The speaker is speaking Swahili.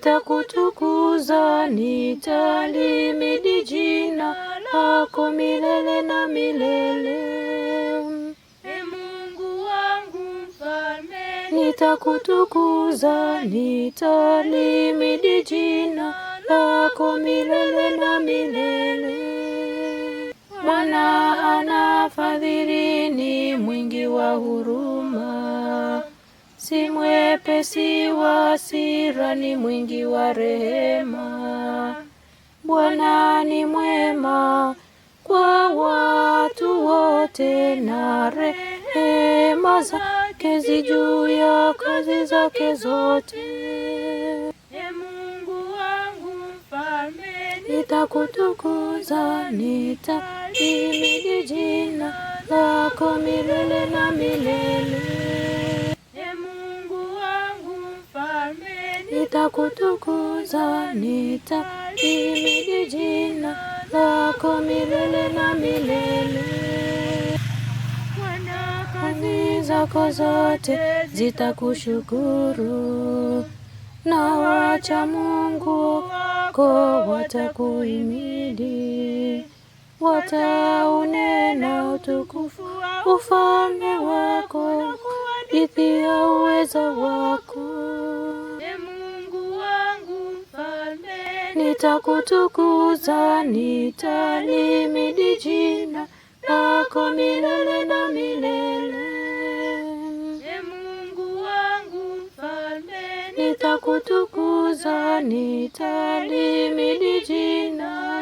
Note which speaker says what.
Speaker 1: Nitakutukuza, nitalimidi jina lako milele na milele. E Mungu wangu mfalme, nitakutukuza, nitalimidi jina lako milele na milele. si mwepesi wa hasira, ni mwingi wa rehema. Bwana ni mwema kwa watu wote, na rehema zake zi juu ya kazi zake zote. E Mungu wangu Mfalme, nitakutukuza, nitaimidi jina lako milele na milele. nitakutukuza, nitahimidi jina lako milele na milele. Fadhili zako zote zitakushukuru, na wacha Mungu wako watakuhimidi, wataunena utukufu ufalme wako, ithia uwezo wako nitakutukuza, nitalimidi jina lako milele na milele. E Mungu wangu Mfalme, nitakutukuza, nitalimidi jina